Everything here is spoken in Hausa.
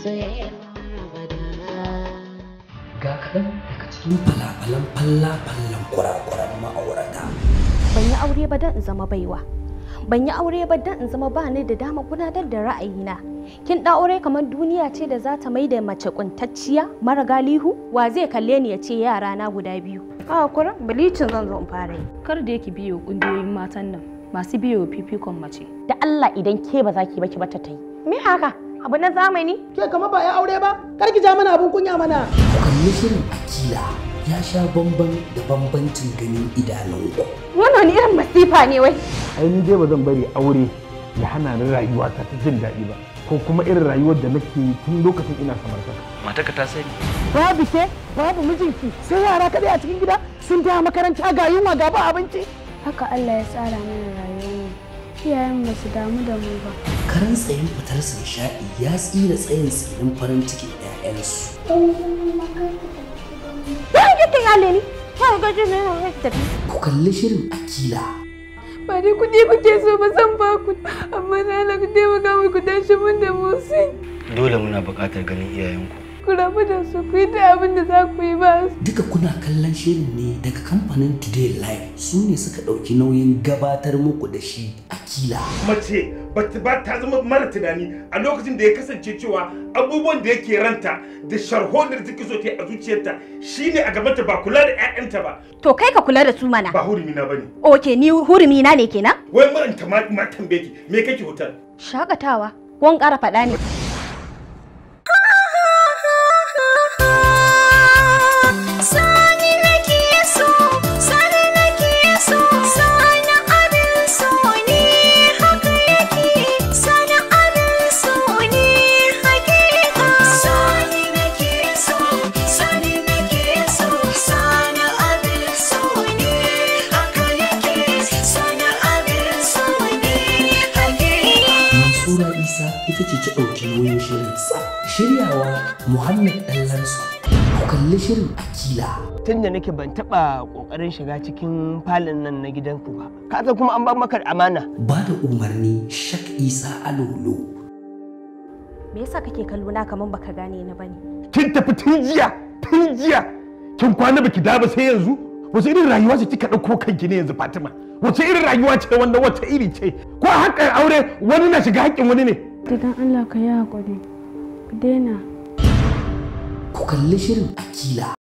Ga kaɗan daga cikin falafalan falla-fallan ma'aurata. Ban yi aure ba don in zama baiwa. Ban yi aure ba don in zama ba ni da dama gudanar da ra'ayina. Kin ɗa aure kamar duniya ce da za ta maida mace kuntacciya mara galihu? Wa zai kalle ni ya ce yara na guda biyu. A kura bilicin zan zo in fara yi. Kar da yake biyo ƙungiyoyin matan nan masu biyo fifikon mace. Da Allah idan ke ba za ki ba ki ba ta yi. Me haka? abu na zamani ke kama ba ya aure ba kar ki ja mana abun kunya mana shirin Akila ya sha bamban da bambancin ganin idanunku wannan irin masifa ne wai ai ni dai ba zan bari aure ya hana ni rayuwa ta ta jin daɗi ba ko kuma irin rayuwar da nake tun lokacin ina samartaka. Mataka ta sani. Babu ke, babu mijinki, sai yara kaɗai a cikin gida sun taya makaranta ga yunwa ga ba abinci. Haka Allah ya tsara mana rayuwa. iyayen ba su damu da mu ba karan tsayin fitar sun sha'i ya tsira tsayin tsirin farin cikin 'ya'yansu ku kalli shirin akila ba dai kuɗi kuke so ba zan ba ku amma na ku taimaka mu ku shi mun da motsi dole muna buƙatar ganin iyayenku ku rabu da su ku yi da abin da za ku yi ba duka kuna kallon shirin ne daga kamfanin today live su ne suka ɗauki nauyin gabatar muku da shi akila mace ba ta zama mara tunani a lokacin da ya kasance cewa abubuwan da yake ranta da sharholar da take so ta a zuciyarta shine a gabanta ba kula da 'ya'yanta ba to kai ka kula da su mana ba hurumi na bane okay ni hurumi na ne kenan wai maranta ma tambaye ki me kake hotel shakatawa wan ƙara faɗa ne Tura Isa ita ce ci ɗauki shirin sa. Shiryawa Muhammad Ɗallansu. Ku kalli shirin Akila. tun da nake ban taba kokarin shiga cikin falin nan na gidanku ba kaza kuma an ba maka amana ba da umarni shak isa alolo me yasa kake kallona kamar baka gane ni bane kin tafi tun jiya tun jiya kin kwana baki da ba sai yanzu wace irin rayuwa ce kika ɗauko kanki ne yanzu fatima wace irin rayuwa ce wanda wata iri ce ko haƙƙin aure wani na shiga haƙƙin wani ne idan allah ka yi haƙuri ku daina ku kalli shirin akila